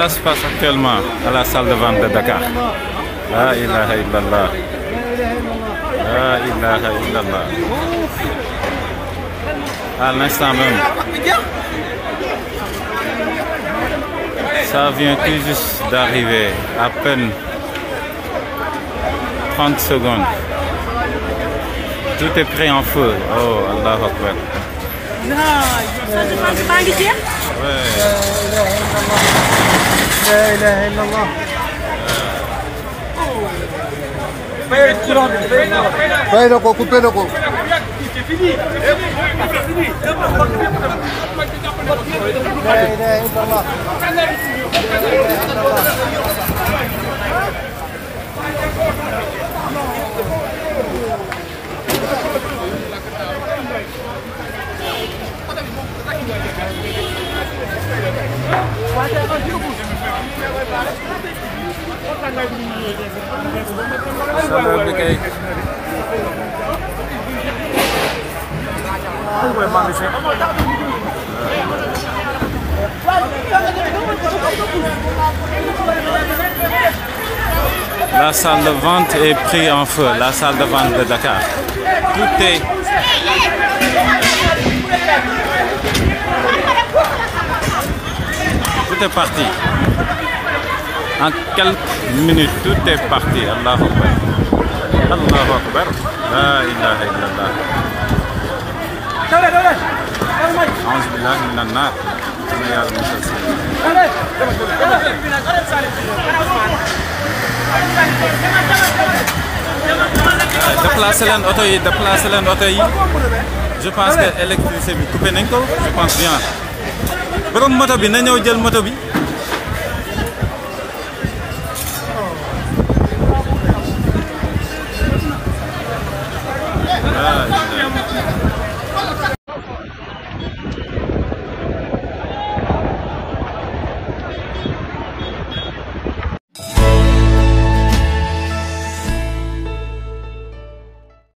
ça se passe actuellement à la salle de vente de Dakar la ilaha illallah la ilaha illallah à l'instant même ça vient tout juste d'arriver à peine secondes tout est pris en feu oh Allahu Akbar non, ça je pense pas لا اله الا الله Pega com o pega com. لا اله الا الله Vai ter chaleur bi kay koy mandi si La salle de vente est prise en feu, la salle de vente de Dakar. Tout est Tout est parti. en quelques minutes tout est parti allahu akbar allahu akbar la ilaha illallah auzu billahi minan naar dama yàlla musal si déplacé leen oto yi déplacé leen oto yi je pense que électricité bi coupé nañ ko je pense bien borom moto bi na ñëw jël moto bi